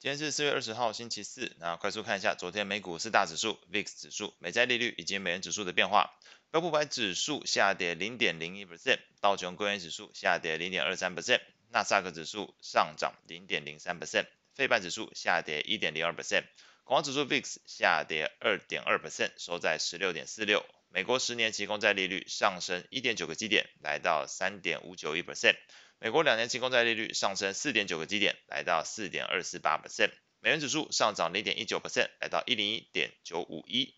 今天是四月二十號，星期四。那快速看一下昨天美股四大指數、VIX 指數、美債利率以及美元指數的變化。標普五百指數下跌零點零一 percent，道瓊工業指數下跌零點二三 percent，那斯達克指數上漲零點零三 percent，費半指數下跌一點零二 percent，恐慌指數 VIX 下跌二點二 percent，收在十六點四六。美國十年期公債利率上升一點九個基點，來到三點五九一 percent。美國兩年期公債利率上升四點九個基點，來到四點二四八 percent。美元指數上漲零點一九 percent，來到一零一點九五一。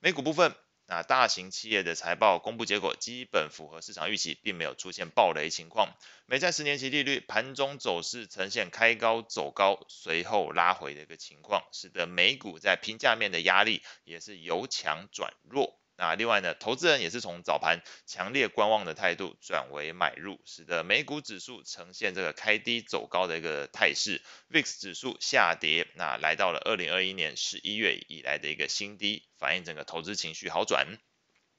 美股部分，那大型企業的財報公布結果基本符合市場預期，並沒有出現爆雷情況。美債十年期利率盤中走勢呈現開高走高，隨後拉回的一個情況，使得美股在評價面的壓力也是由強轉弱。那另外呢，投資人也是從早盤強烈觀望的態度轉為買入，使得美股指數呈現這個開低走高的一個態勢。VIX 指數下跌，那來到了二零二一年十一月以來的一個新低，反映整個投資情緒好轉。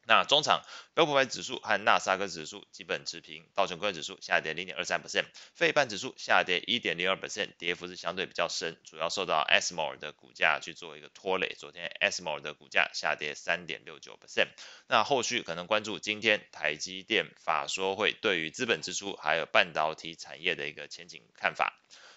那中場標普500指數和納斯達克指數基本持平，道瓊工業指數下跌零點二三 percent，費半指數下跌一點零二 percent。跌幅是相對比較深，主要受到 ASML 的股價去做一個拖累，昨天 ASML 的股價下跌三點六九 percent。那後續可能關注今天台積電法說會對於資本支出還有半導體產業的一個前景看法。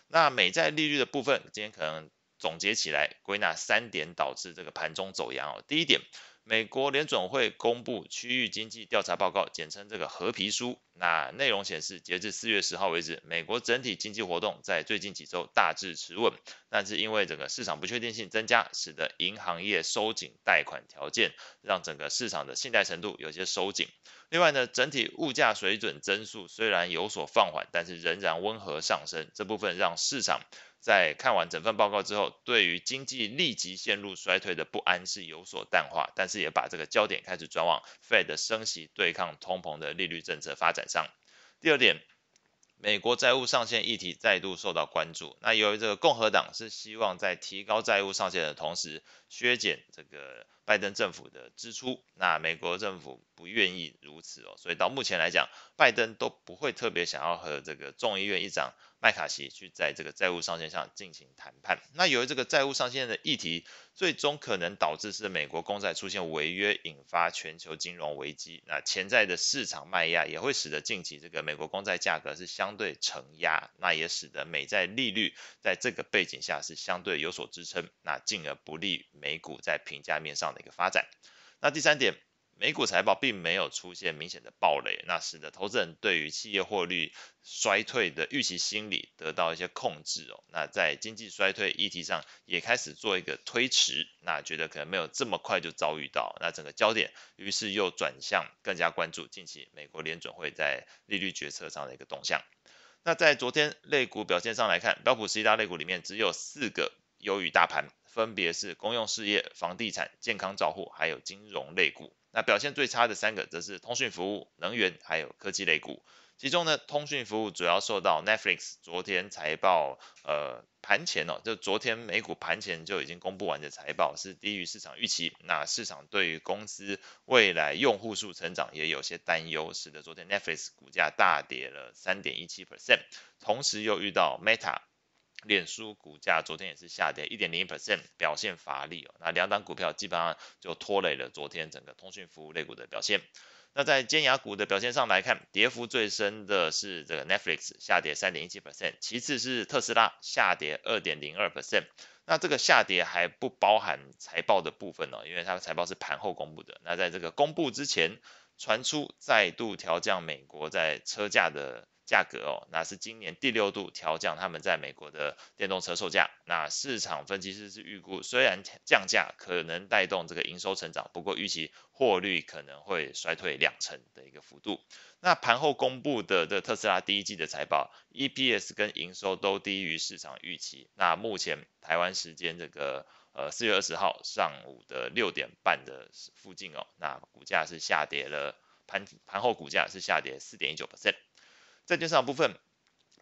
那美債利率的部分，今天可能總結起來歸納三點導致這個盤中走揚哦，第一點。美國聯準會公布區域經濟調查報告，簡稱這個“褐皮書”。那內容顯示，截至四月十號為止，美國整體經濟活動在最近幾周大致持穩。但是因為整個市場不確定性增加，使得銀行業收緊貸款條件，讓整個市場的信貸程度有些收緊。另外呢，整體物價水準增速雖然有所放緩，但是仍然溫和上升。這部分讓市場。在看完整份報告之後，對於經濟立即陷入衰退的不安是有所淡化，但是也把這個焦點開始轉往 Fed 升息對抗通膨的利率政策發展上。第二點，美國債務上限議題再度受到關注。那由於這個共和黨是希望在提高債務上限的同時削減這個拜登政府的支出，那美國政府不願意如此哦，所以到目前來講，拜登都不會特別想要和這個眾議院議長。麥卡錫去在這個債務上限上進行談判。那由於這個債務上限的議題，最終可能導致是美國公債出現違約，引發全球金融危機。那潛在的市場賣壓也會使得近期這個美國公債價格是相對承壓，那也使得美債利率在這個背景下是相對有所支撐，那進而不利美股在評價面上的一個發展。那第三點。美股財報並沒有出現明顯的暴雷，那使得投資人對於企業獲利衰退的預期心理得到一些控制哦。那在經濟衰退議題上也開始做一個推遲，那覺得可能沒有這麼快就遭遇到。那整個焦點於是又轉向更加關注近期美國聯準會在利率決策上的一個動向。那在昨天類股表現上來看，標普十一大類股裡面只有四個優於大盤，分別是公用事業、房地產、健康照護還有金融類股。那表現最差的三個則是通訊服務、能源還有科技類股。其中呢，通訊服務主要受到 Netflix 昨天財報，呃，盤前哦，就昨天美股盤前就已經公布完的財報是低於市場預期。那市場對於公司未來用戶數成長也有些擔憂，使得昨天 Netflix 股價大跌了三點一七 percent。同時又遇到 Meta。臉書股價昨天也是下跌一點零一 percent，表現乏力哦。那兩檔股票基本上就拖累了昨天整個通訊服務類股的表現。那在尖牙股的表現上來看，跌幅最深的是這個 Netflix 下跌三點一七 percent，其次是特斯拉下跌二點零二 percent。那這個下跌還不包含財報的部分哦，因為它的財報是盤後公布的。那在這個公布之前，傳出再度調降美國在車價的價格哦，那是今年第六度調降他們在美國的電動車售價。那市場分析師是預估，雖然降價可能帶動這個營收成長，不過預期獲利可能會衰退兩成的一個幅度。那盤後公布的這特斯拉第一季的財報，E P S 跟營收都低於市場預期。那目前台灣時間這個呃四月二十號上午的六點半的附近哦，那股價是下跌了盤盤後股價是下跌四點一九%。在債券市場部分，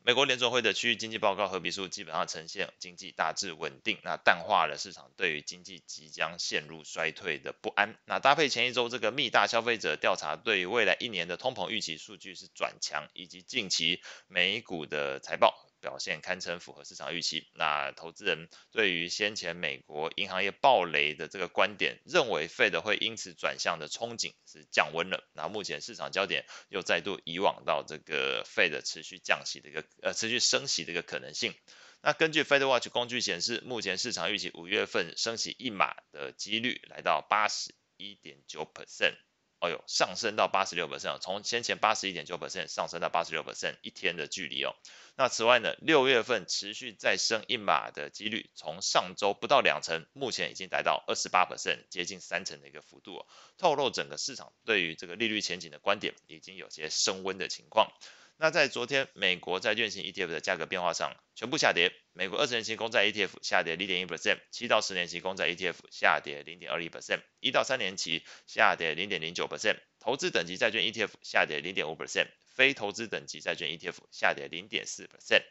美國聯準會的區域經濟報告褐皮書基本上呈現經濟大致穩定，那淡化了市場對於經濟即將陷入衰退的不安。那搭配前一周這個密大消費者調查對於未來一年的通膨預期數據是轉強，以及近期美股的財報。表現堪稱符合市場預期。那投資人對於先前美國銀行業爆雷的這個觀點，認為 Fed 會因此轉向的憧憬是降溫了。那目前市場焦點又再度移往到這個 Fed 持續降息的一個呃，持續升息的一個可能性。那根據 Fed Watch 工具顯示，目前市場預期五月份升息一碼的幾率來到八十一點九 percent。哦、哎、呦，上升到八十六%，從先前八十一點九%上升到八十六%一天的距離哦。那此外呢，六月份持續再升一碼的幾率，從上周不到兩成，目前已經達到二十八%接近三成的一個幅度哦，透露整個市場對於這個利率前景的觀點已經有些升溫的情況。那在昨天，美國債券型 ETF 的價格變化上全部下跌。美國二十年期公債 ETF 下跌零點一 percent，七到十年期公債 ETF 下跌零點二一 percent，一到三年期下跌零點零九 percent，投資等級債券 ETF 下跌零點五 percent，非投資等級債券 ETF 下跌零點四 percent。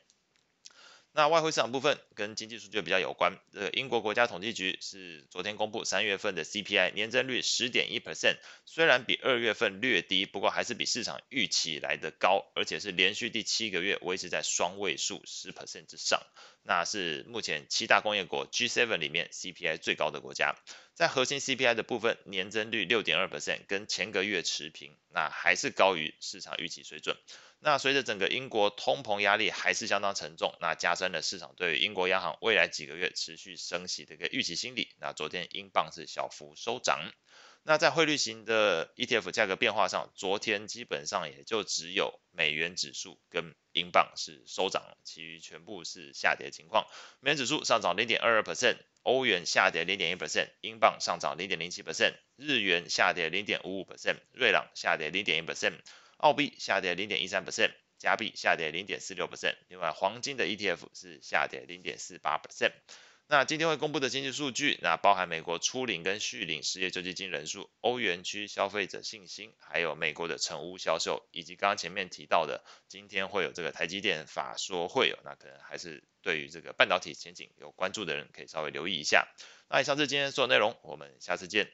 那外匯市場部分，跟經濟數據比較有關。這個英國國家統計局是昨天公布三月份的 CPI 年增率十點一 percent，雖然比二月份略低，不過還是比市場預期來得高，而且是連續第七個月維持在雙位數十 percent 之上。那是目前七大工業國 G7 裡面 CPI 最高的國家。在核心 CPI 的部分，年增率六點二 percent，跟前個月持平，那還是高於市場預期水準。那隨着整個英國通膨壓力還是相當沉重，那加深了市場對於英國央行未來幾個月持續升息的一個預期心理。那昨天英鎊是小幅收漲，那在匯率型的 ETF 價格變化上，昨天基本上也就只有美元指數跟英鎊是收漲，其餘全部是下跌情況。美元指數上漲零點二二 percent，歐元下跌零點一 percent，英鎊上漲零點零七 percent，日元下跌零點五五 percent，瑞郎下跌零點一 percent。澳幣下跌零點一三 percent，加幣下跌零點四六 percent，另外黃金的 ETF 是下跌零點四八 percent。那今天會公布的經濟數據，那包含美國初領跟續領失業救濟金人數，歐元區消費者信心，還有美國的成屋銷售，以及剛剛前面提到的，今天會有這個台積電法說會有，那可能還是對於這個半導體前景有關注的人可以稍微留意一下。那以上是今天所有內容，我們下次見。